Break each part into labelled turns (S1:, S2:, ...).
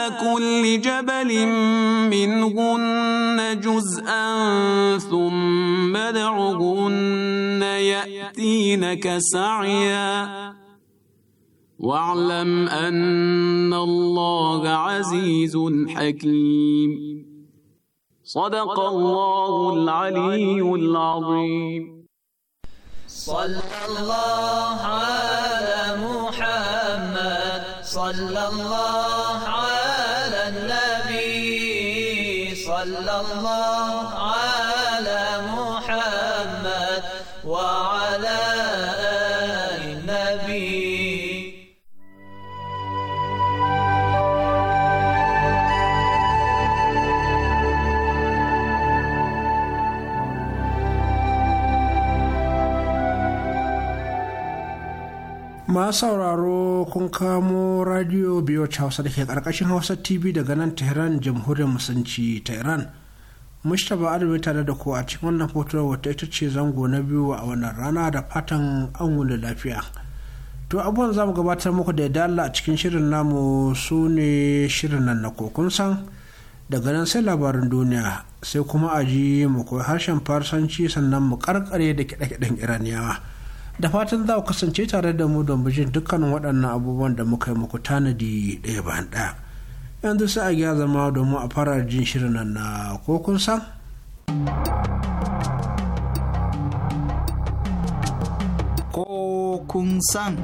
S1: على كل جبل منهن جزءا ثم ادعهن يأتينك سعيا واعلم أن الله عزيز حكيم صدق الله العلي العظيم صلى الله على محمد صلى الله عليه
S2: sauraro kun kamo radio biyu wacce hausa da ke ƙarƙashin hausa tv daga nan tehran jamhuriyar musulunci ta iran Mustapha Adamu tare da ku a cikin wannan hoto wata ita ce zango na biyu a wannan rana da fatan an wuni lafiya. To abubuwan za mu gabatar muku da ya dala a cikin shirin namu su ne shirin nan na kokun san daga nan sai labarin duniya sai kuma a ji mu koyi harshen farsanci sannan mu karkare da kiɗe-kiɗen iraniyawa. Da fatan za ku kasance tare da mu don bijin dukkanin waɗannan abubuwan da muka yi muku tanadi ɗaya bayan ɗaya. yanzu a ya zama domin a fara jin shirin nan na ko kun san
S3: ko kun san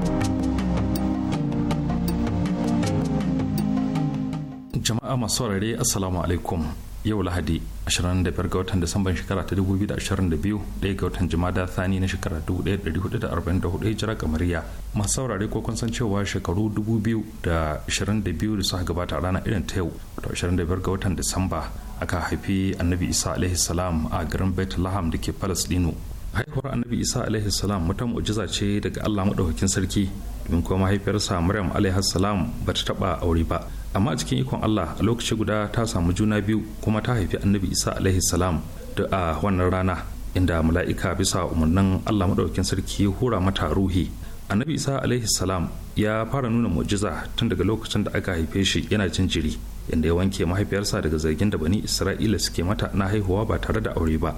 S4: jama'a masu assalamu alaikum yau lahadi 25 ga watan disamban shekara ta 2022 ɗaya ga watan jimada thani na shekara 1444 hijira kamariya masu saurare ko kun san cewa shekaru 2022 da suka gabata a ranar irin ta yau wato 25 ga watan disamba aka haifi annabi isa alaihi salam a garin bethlehem da ke palestino haihuwar annabi isa alaihi salam wata mu'jiza ce daga allah maɗaukakin sarki in kuma mahaifiyarsa maryam alaihi salam ba ta taba aure ba amma a cikin ikon allah a lokaci guda ta samu juna biyu kuma ta haifi annabi isa alaihi salam da a wannan rana inda mala'ika bisa umarnin allah maɗaukin sarki hura mata ruhi annabi isa alaihi salam ya fara nuna mu'jiza tun daga lokacin da aka haife shi yana jin jiri inda ya wanke mahaifiyarsa daga zargin da bani isra'ila suke mata na haihuwa ba tare da aure ba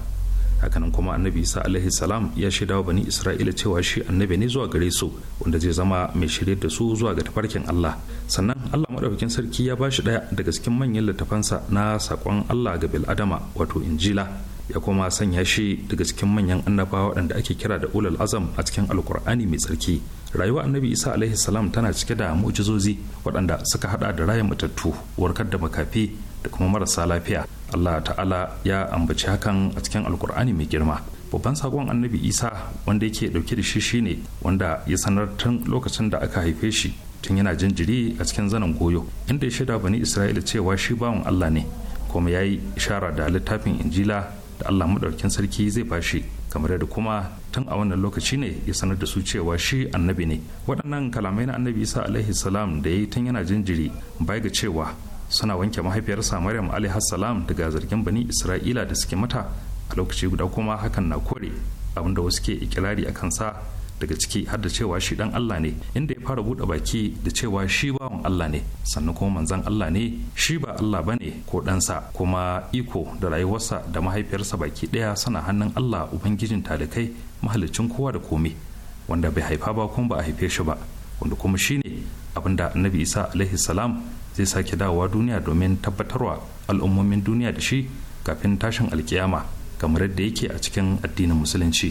S4: hakanan kuma annabi isa alaihi salam ya shaida wa bani isra'ila cewa shi annabi ne zuwa gare su wanda zai zama mai shirye da su zuwa ga tafarkin allah sannan allah maɗaukakin sarki ya bashi ɗaya daga cikin manyan littafansa na sakon allah ga bil'adama wato injila ya kuma sanya shi daga cikin manyan annabawa waɗanda ake kira da ulul azam a cikin alkur'ani mai tsarki rayuwa annabi isa alaihi salam tana cike da mu'jizozi waɗanda suka hada da raya matattu warkar da makafi da kuma marasa lafiya allah ta'ala ya ambaci hakan a cikin alkur'ani mai girma babban sakon annabi isa wanda yake dauke da shi shine wanda ya sanar tun lokacin da aka haife shi tun yana jinjiri a cikin zanen goyo inda ya shaida bani isra'ila cewa shi bawan allah ne kuma ya yi ishara da littafin injila da allah maɗaukin sarki zai bashi kamar yadda kuma tun a wannan lokaci ne ya sanar da su cewa shi annabi ne waɗannan kalamai na annabi isa alaihi salam da ya yi tun yana jinjiri bai ga cewa suna wanke mahaifiyarsa maryam alaihi daga zargin bani isra'ila da suke mata a lokaci guda kuma hakan na kore abinda wasu ke ikirari a kansa daga ciki har da cewa shi dan Allah ne inda ya fara bude baki da cewa shi bawan Allah ne sannan kuma manzan Allah ne shi ba Allah bane ko ɗansa kuma iko da rayuwarsa da mahaifiyarsa baki ɗaya suna hannun Allah ubangijin talikai mahalicin kowa da komai wanda bai haifa ba kuma ba a haife shi ba wanda kuma shine abinda annabi Isa alaihi salam zai sake dawowa duniya domin tabbatarwa al'ummomin duniya da shi kafin tashin alkiyama kamar yadda yake a cikin addinin musulunci.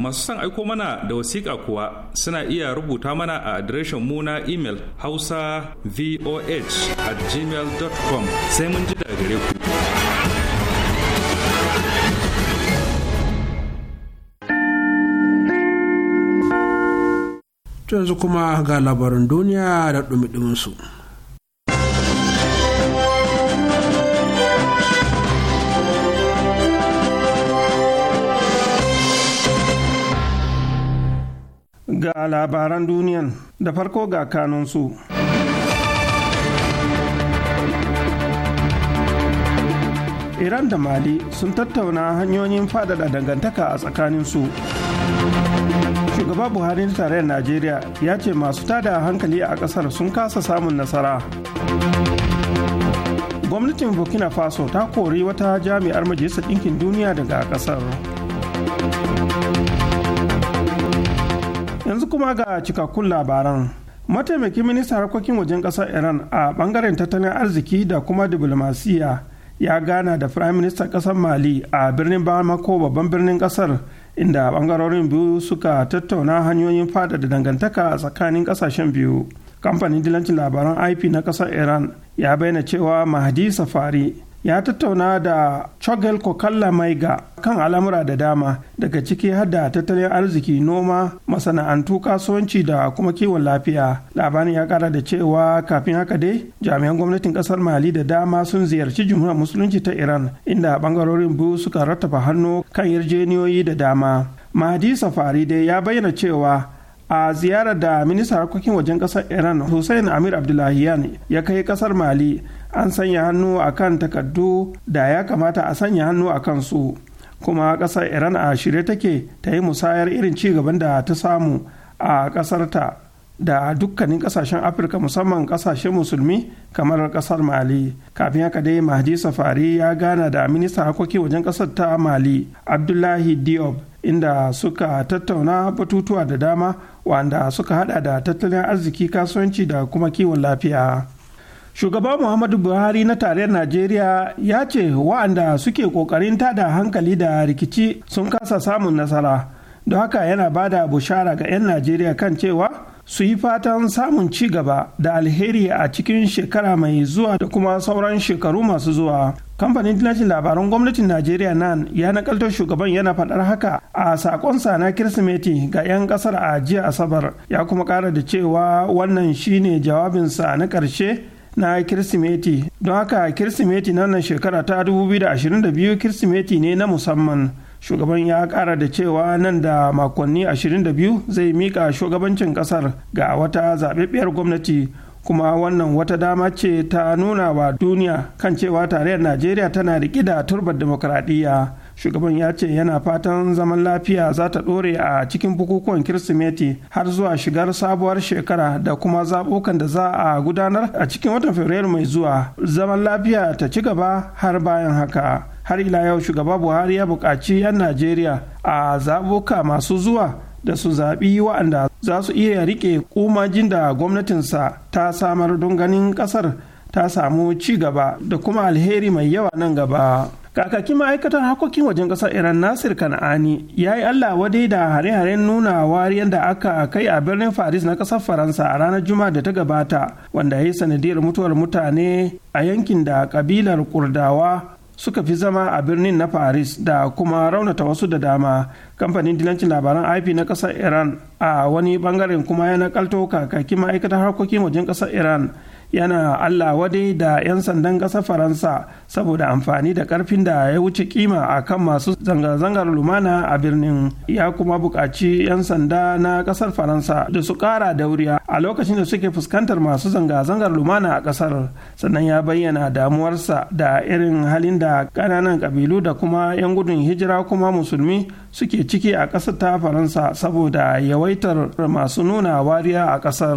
S4: masu son aiko mana da wasiƙa kuwa suna iya rubuta mana a adireshin mu na imel hausa voh at com sai mun ji daga
S2: gare ku. yanzu kuma ga labarin duniya da ɗumi su.
S5: ga labaran duniyan da farko ga kanunsu. Iran da Mali sun tattauna hanyoyin faɗaɗa dangantaka a tsakaninsu. Shugaba Buhari na tarayyar Najeriya ya ce masu tada hankali a ƙasar sun kasa samun nasara. Gwamnatin Burkina Faso ta kori wata jami'ar Majalisar Ɗinkin Duniya daga ƙasar. kuma ga cikakkun labaran. Mataimakin ministan harkokin wajen ƙasar Iran a ɓangaren tattalin arziki da kuma diplomasiya ya gana da firayim ministan ƙasar Mali a birnin Bamako babban birnin ƙasar inda ɓangarorin biyu suka tattauna hanyoyin da dangantaka a tsakanin ƙasashen biyu. Kamfanin dilancin labaran IP na ƙasar Iran ya bayyana cewa Mahdi Safari ya tattauna da Chogel Kokalla Maiga kan al'amura da dama daga ciki har tattalin arziki noma masana'antu kasuwanci da kuma kiwon lafiya labarin ya kara da cewa kafin haka dai jami'an gwamnatin kasar mali da dama sun ziyarci jumhuriyar musulunci ta iran inda bangarorin biyu suka rattafa hannu kan yarjeniyoyi da dama mahdi safari dai ya bayyana cewa a ziyarar da ministan harkokin wajen kasar iran hussein amir abdullahi ya kai kasar mali an sanya hannu a kan takardu da ya kamata a sanya hannu a kansu kuma ƙasar iran a shirye take ta yi musayar irin ci gaban da ta samu a ƙasarta da dukkanin ƙasashen afirka musamman ƙasashen musulmi kamar ƙasar mali kafin haka dai mahdi safari ya gana da minista harkoki wajen ƙasar ta mali abdullahi diop inda suka tattauna batutuwa da dama wanda suka hada da tattalin arziki kasuwanci da kuma kiwon lafiya. shugaba muhammadu buhari na tarayyar najeriya ya ce wa'anda suke ƙoƙarin tada hankali da rikici sun kasa samun nasara don haka yana ba da bushara ga 'yan najeriya kan cewa su yi fatan samun ci gaba da alheri a cikin shekara mai zuwa da kuma sauran shekaru masu zuwa kamfanin dillacin labaran gwamnatin najeriya nan ya nakalto shugaban yana faɗar haka a sakonsa na kirsimeti ga 'yan ƙasar a jiya asabar ya kuma ƙara da cewa wannan shine jawabinsa na ƙarshe na kirsimeti don haka kirsimeti na nan shekara ta 2022 kirsimeti ne na musamman shugaban ya kara da cewa nan da makonni 22 zai mika shugabancin kasar ga wata zaɓaɓɓiyar gwamnati kuma wannan wata dama ce ta nuna wa duniya kan cewa tarayyar najeriya tana riƙe da turbar demokradiyya shugaban ya ce yana fatan zaman lafiya za ta ɗore a cikin bukukuwan kirsimeti har zuwa shigar sabuwar shekara da kuma zaɓukan da za a gudanar a cikin watan fabrairu mai zuwa zaman lafiya ta ci gaba har bayan haka har ila yau shugaba buhari ya bukaci 'yan najeriya a zaɓuka masu zuwa da su zaɓi wa'anda za su iya riƙe ƙumajin da gwamnatinsa ta samar don ganin ƙasar ta samu ci gaba da kuma alheri mai yawa nan gaba. kakakin ma'aikatar harkokin wajen kasar iran nasir kana'ani ya yi allah wadai da hare-haren nuna wariyar da aka kai a birnin faris na kasar faransa a ranar juma'a da ta gabata wanda ya yi sanadiyar mutuwar mutane a yankin da kabilar kurdawa suka fi zama a birnin na faris da kuma raunata wasu da dama kamfanin dilancin labaran ip na kasar iran a wani bangaren kuma ya nakalto kakakin ma'aikatar harkokin wajen kasar iran yana allah wadai da 'yan sandan ƙasar faransa saboda amfani da ƙarfin da ya wuce kima a kan masu zanga-zangar lumana a birnin ya kuma buƙaci 'yan sanda na ƙasar faransa da su ƙara dauriya a lokacin da suke fuskantar masu zanga-zangar lumana a ƙasar sannan ya bayyana damuwarsa da irin halin da ƙananan ƙabilu da kuma 'yan gudun hijira kuma musulmi suke ciki a ƙasar ta faransa saboda yawaitar masu nuna wariya a ƙasar.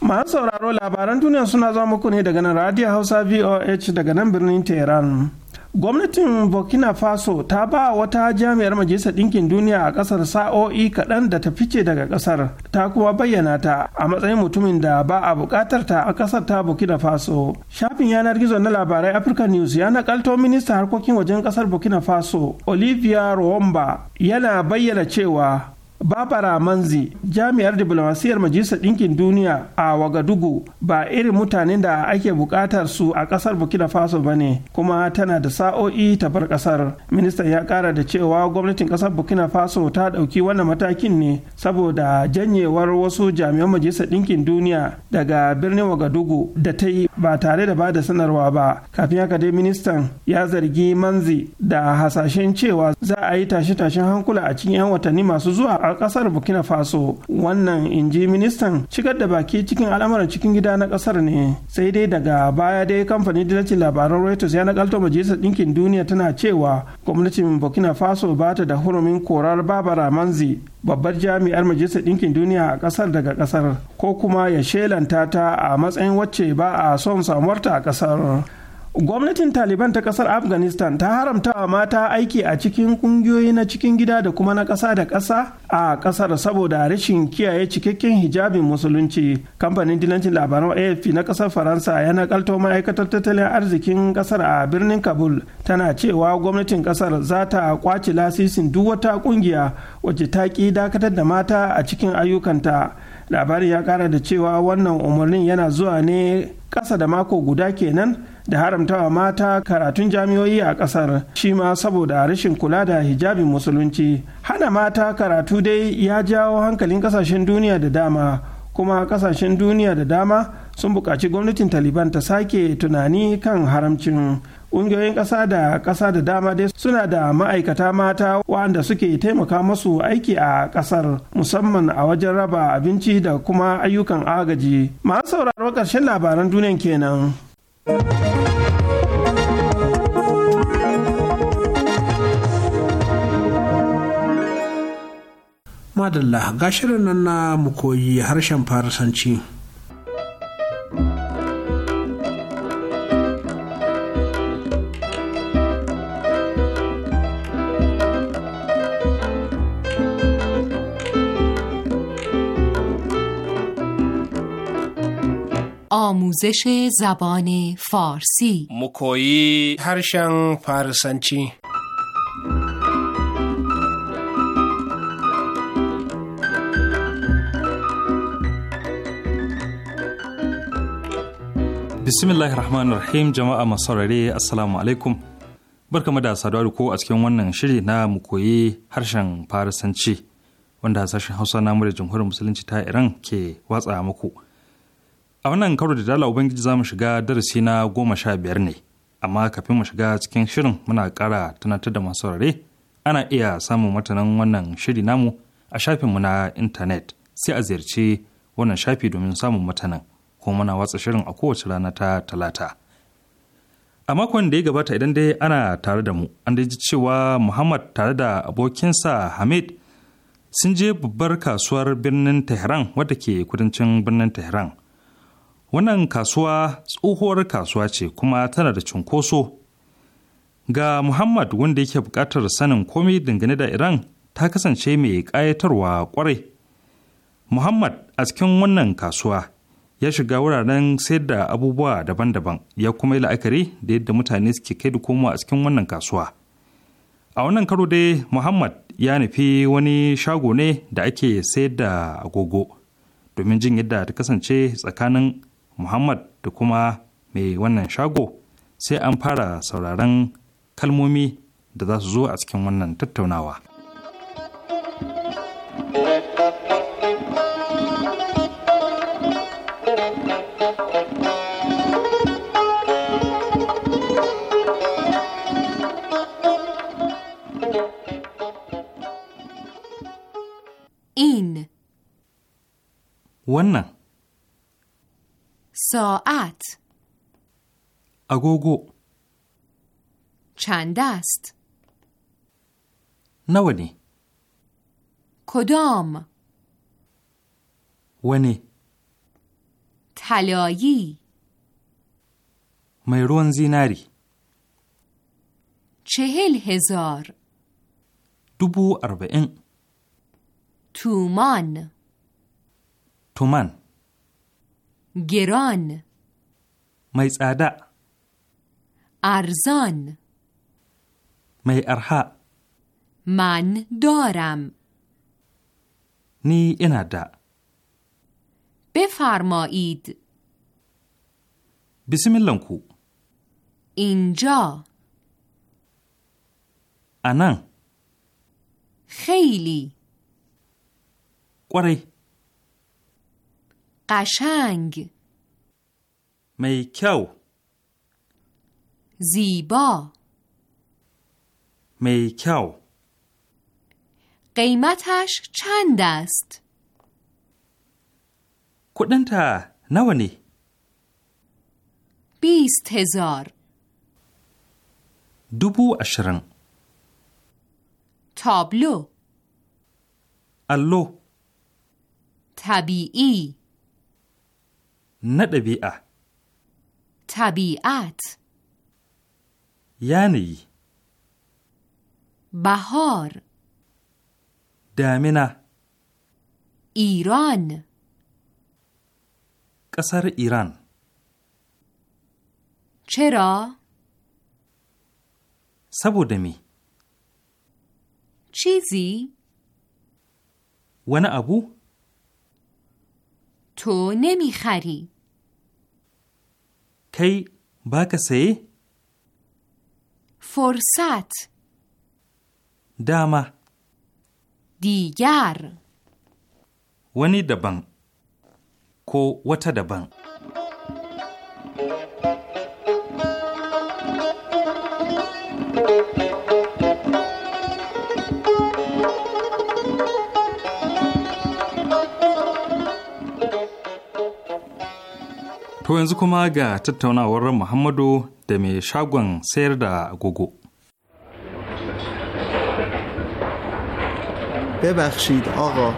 S5: masu sauraro labaran duniya suna zuwa muku ne daga nan radio hausa voh daga nan birnin tehran gwamnatin burkina faso ta ba wata jami'ar majalisar ɗinkin duniya a ƙasar sa'o'i kaɗan da ta fice daga ƙasar ta kuma bayyana ta a matsayin mutumin da ba a buƙatar ta a ƙasar ta burkina faso shafin yanar gizo na labarai africa news ya nakalto minista harkokin wajen ƙasar burkina faso olivia ruwamba yana bayyana cewa Babara Manzi jami'ar diplomasiyar Majalisar Ɗinkin Duniya a Wagadugu ba irin mutanen da ake buƙatar su a ƙasar Burkina Faso ba ne kuma tana da sa'o'i ta bar ƙasar. Ministan ya ƙara da cewa gwamnatin ƙasar Burkina Faso ta ɗauki wannan matakin ne saboda janyewar wasu jami'an Majalisar Ɗinkin Duniya daga birnin Wagadugu da ta yi ba tare da ba da sanarwa ba. Kafin haka dai ministan ya zargi Manzi da hasashen cewa za a yi tashe-tashen hankula a cikin 'yan watanni masu zuwa a kasar burkina faso wannan in ji ministan shigar da baki cikin al'amuran cikin gida na kasar ne sai dai daga baya dai kamfanin dinacin labaran reuters ya nakalto majalisar ɗinkin duniya tana cewa gwamnatin burkina faso ba ta da hurumin korar babara manzi babbar jami'ar majalisar ɗinkin duniya a ƙasar daga ƙasar ko kuma ya shelanta ta a matsayin wacce ba a son samuwarta a ƙasar gwamnatin taliban ta kasar afghanistan ta haramta wa mata aiki a cikin kungiyoyi na cikin gida da kuma na kasa da kasa a kasar saboda rashin kiyaye cikakken hijabin musulunci kamfanin dilancin labaran afp na kasar faransa ya kalto ma'aikatar tattalin arzikin kasar a birnin kabul tana cewa gwamnatin kasar za ta kwace lasisin duk wata kungiya wacce ta ki dakatar da mata a cikin ayyukanta labarin ya kara da cewa wannan umarnin yana zuwa ne kasa da mako guda kenan da haramtawa mata karatun jami'o'i a ƙasar shi ma saboda rashin kula da hijabin musulunci hana mata karatu dai ya jawo hankalin ƙasashen duniya da dama kuma ƙasashen duniya da dama sun buƙaci gwamnatin taliban ta sake tunani kan haramcin ƙungiyoyin ƙasa da ƙasa da dama dai suna da ma'aikata mata waɗanda suke taimaka masu aiki a ƙasar musamman a wajen raba abinci da kuma ayyukan agaji masu sauraron ƙarshen labaran duniyan kenan.
S2: madalla ga shirin nan na mu koyi harshen farisanci
S6: آموزش زبان فارسی
S2: مکویی هرشن فارسنچی
S4: bismillahir rahmanir rahim jama'a masu saurare assalamu alaikum barkamu da saduwa da ko a cikin wannan shiri na mu koyi harshen farisanci wanda sashen hausa namu da jamhuriyar musulunci ta iran ke watsa muku A wannan karo da dala Ubangiji za mu shiga darasi na goma sha biyar ne, amma kafin mu shiga cikin shirin muna ƙara tunatar da masu saurare ana iya samun matanan wannan shiri namu a shafinmu na intanet sai a ziyarci wannan shafi domin samun matanan ko muna watsa shirin a kowace rana ta talata. A makon da ya gabata idan dai ana tare da mu, an ji cewa Muhammad tare da abokinsa Hamid sun je babbar kasuwar birnin Tehran wadda ke kudancin birnin Tehran. wannan kasuwa tsohuwar kasuwa ce kuma tana da cunkoso ga muhammad wanda yake buƙatar sanin komai dangane da iran ta kasance mai ƙayatarwa ƙwarai muhammad a cikin wannan kasuwa ya shiga wuraren sayar da abubuwa daban-daban ya kuma yi la'akari da yadda mutane suke kai da komo a cikin wannan kasuwa a wannan karo dai muhammad ya nufi wani shago ne da ake sayar da agogo domin jin yadda ta kasance tsakanin muhammad da kuma mai wannan shago sai an fara sauraron kalmomi da za su zo a cikin wannan tattaunawa. wannan
S6: ساعت اگوگو چند است؟ نونی کدام؟ ونی تلایی
S4: میرون زیناری
S6: چهل هزار
S4: دوبو اربعین
S6: تومان تومان گران
S4: می ساده
S6: ارزان
S4: می ارها
S6: من دارم
S4: نی اندا
S6: بفرمایید
S4: بسم الله کو
S6: اینجا انا خیلی قره قشنگ
S4: میکو
S6: زیبا
S4: میکو
S6: قیمتش چند است؟
S4: تا نوانی
S6: بیست هزار
S4: دوبو اشرن
S6: تابلو الو طبیعی
S4: na ɗabi'a.
S6: Tabi'at
S4: Yanayi
S6: Bahor.
S4: Damina
S6: Iran
S4: Ƙasar Iran
S6: cera
S4: Saboda me?
S6: Cizi
S4: Wani abu?
S6: تو نمی خری
S4: کی با کسی؟
S6: فرصت دامه دیگر
S4: ونی دبن کو وتا دبن To yanzu kuma ga tattaunawar Muhammadu da mai shagon گوگو
S3: ببخشید آقا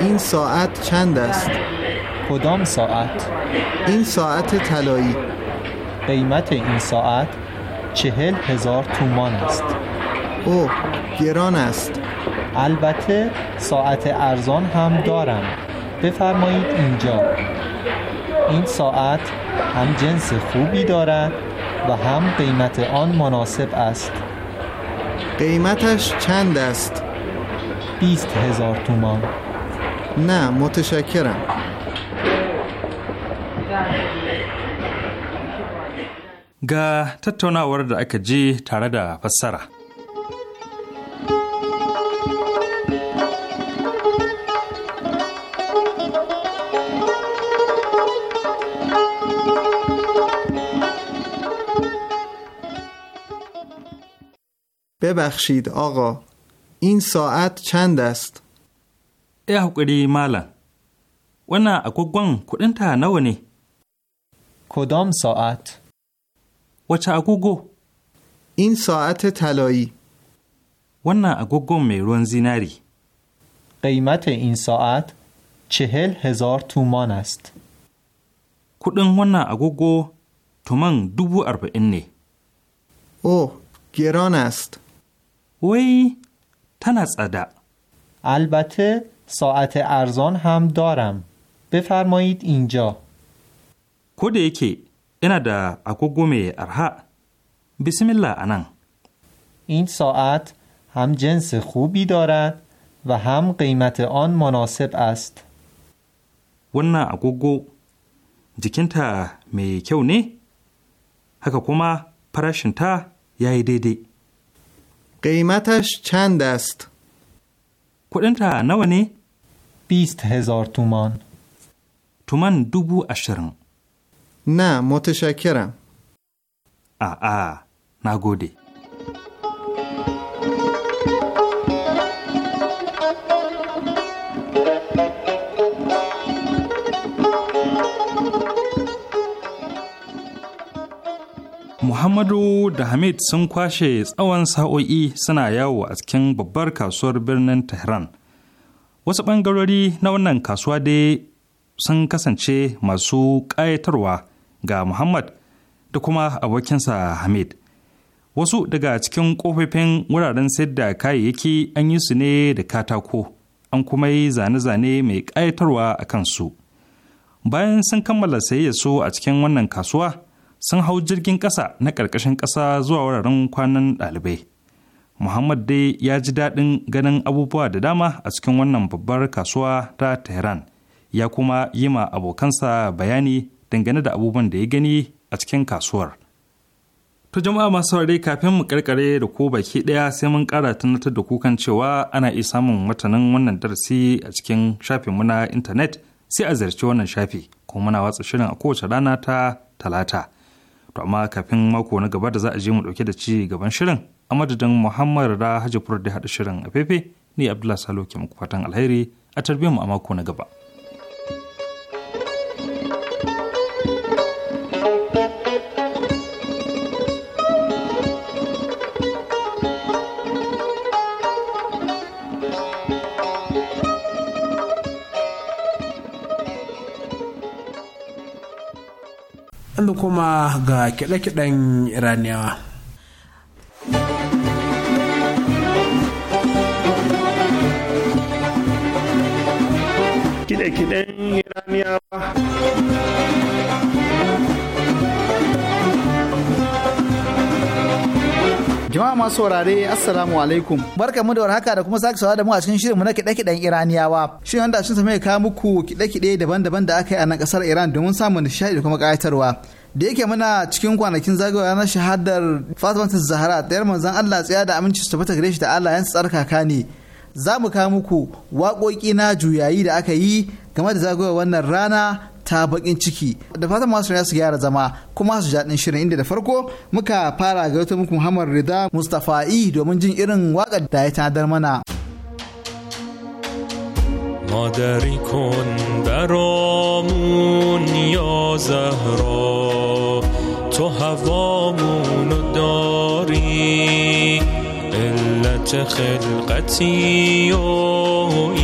S3: این ساعت چند است؟ کدام ساعت؟ این ساعت طلایی. قیمت این ساعت چهل هزار تومان است او گران است البته ساعت ارزان هم دارم بفرمایید اینجا این ساعت هم جنس خوبی دارد و هم قیمت آن مناسب است قیمتش چند است؟ بیست هزار تومان نه متشکرم
S4: گه تتونه ورد اکجی ترده پسره.
S3: ببخشید آقا این ساعت چند
S4: است؟ ای حقیقی مالا ونه اگوگون کدن تا نوانی کدام ساعت؟ وچه اگوگو
S3: این ساعت طلایی ونه اگوگو میرون زیناری قیمت این ساعت چهل هزار تومان است
S4: کدن اکو اگوگو تومان دوبو اربعین نه اوه گران است وی تن از
S3: البته ساعت ارزان هم دارم بفرمایید اینجا کد یکی انا دا اگوگو می ارها بسم الله انان این ساعت هم جنس خوبی دارد
S4: و هم قیمت آن مناسب است ونا اکو اگوگو جکینتا می ne haka پرشن farashinta یای دیدی؟ قیمتش چند است؟
S3: کلن را نوانی؟ بیست هزار تومان تومان دوبو اشرن نه متشکرم آ آ
S4: نگودی Muhammadu da Hamid sun kwashe tsawon sa'o'i suna yawo a cikin babbar kasuwar birnin Tehran. Wasu ɓangarori na wannan kasuwa dai sun kasance masu ƙayatarwa ga Muhammad da kuma abokinsa Hamid. Wasu daga cikin ƙofofin wuraren sayar da kayayyaki an yi su ne da katako, an kuma yi zane-zane mai ƙayatarwa a kansu. Bayan sun kammala sayayya su a cikin wannan kasuwa, sun hau jirgin ƙasa na ƙarƙashin ƙasa zuwa wuraren kwanan ɗalibai. Muhammad dai ya ji daɗin ganin abubuwa da dama a cikin wannan babbar kasuwa ta Tehran, ya kuma yi ma abokansa bayani dangane da abubuwan da ya gani a cikin kasuwar. To jama'a masu saurare kafin mu karkare da ko baki ɗaya sai mun ƙara tunatar da kukan cewa ana iya samun watanin wannan darasi a cikin shafinmu na intanet sai a ziyarci wannan shafi kuma muna watsa shirin a kowace rana ta talata. to amma kafin mako na gaba da za a je mu dauke da ci gaban shirin a madadin muhammad da hajjafur da haɗa shirin a fefe ni abdullahi salo ke muku fatan alheri a tarbiyyar mu a mako na gaba.
S2: yanzu kuma ga kiɗe-kiɗen iraniyawa
S5: kiɗe-kiɗen iraniyawa
S3: masu saurare assalamu alaikum barka mu da warhaka da kuma sake saurara da mu a cikin shirin mu na kiɗe-kiɗen iraniyawa shirin wanda shin mai kawo muku kiɗe-kiɗe daban-daban da aka yi a nan ƙasar iran domin samun nishadi da kuma ƙayatarwa da yake muna cikin kwanakin zagayowa na shahadar fatimatu zahara da manzon allah tsaya da aminci su tabbata gare shi da allah yan tsarkaka ne za mu kawo muku waƙoƙi na juyayi da aka yi game da zagayowar wannan rana ta bakin ciki da fatan masu ya su gyara zama kuma su jaɗin shirin inda da farko muka fara wata muku Muhammad Rida i domin jin irin waƙar da ya tanadar mana.
S1: مادری کن برامون یا زهرا تو هوامونو داری علت خلقتی و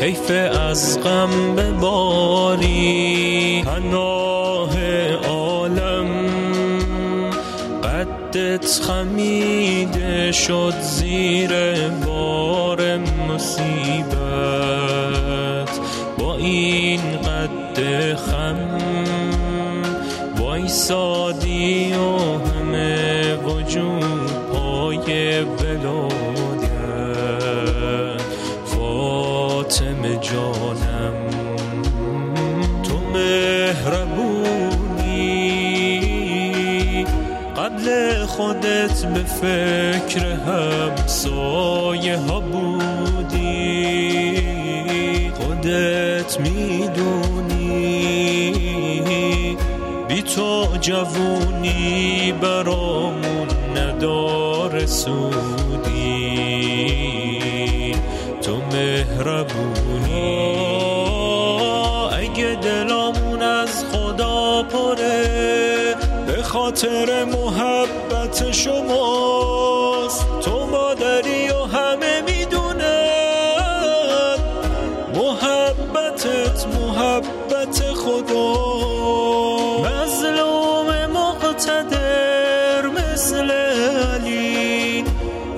S1: حیف از غم باری پناه عالم قدت خمیده شد زیر بار قبل خودت به فکر سایه ها بودی خودت میدونی بی تو جوونی برامون ندار سودی تو مهربونی خاطر محبت شماست تو مادری و همه میدونن محبتت محبت خدا مظلوم مقتدر مثل علی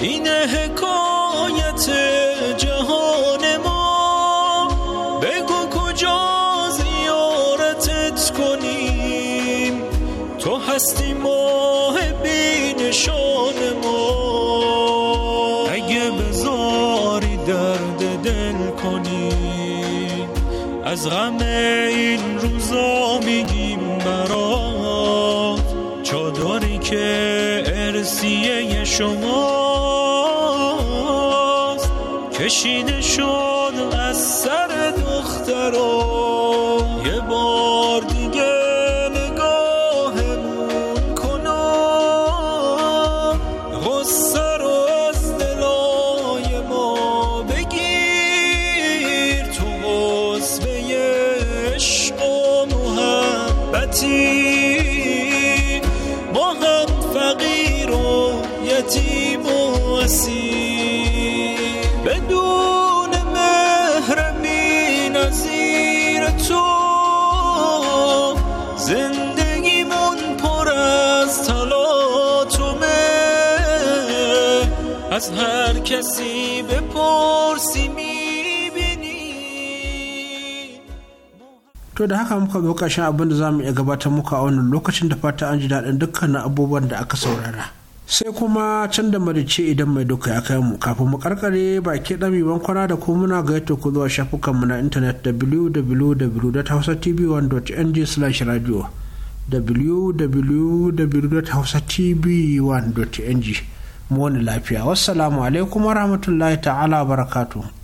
S1: این حکایت جهان ما بگو کجا هستی ماه بینشان ما اگه بزاری درد دل کنی از غم این روزا میگیم برات چادری که ارسیه شما بدون مهر بی نظیر تو من پر از تلاتومه از هر کسی بپرسی
S2: to da haka muka zo ƙarshen abin da za mu iya gabatar muka a wannan lokacin da fata an ji daɗin dukkanin abubuwan da aka saurara sai kuma can da marice idan mai duka ya kai mu kafin mu karkare baki dami bankwana da kuma muna ga ku zuwa shafukan mu na intanet www.hausatv1.ng/radio www.hausatv1.ng mu wani lafiya wassalamu alaikum warahmatullahi ta'ala barakatuh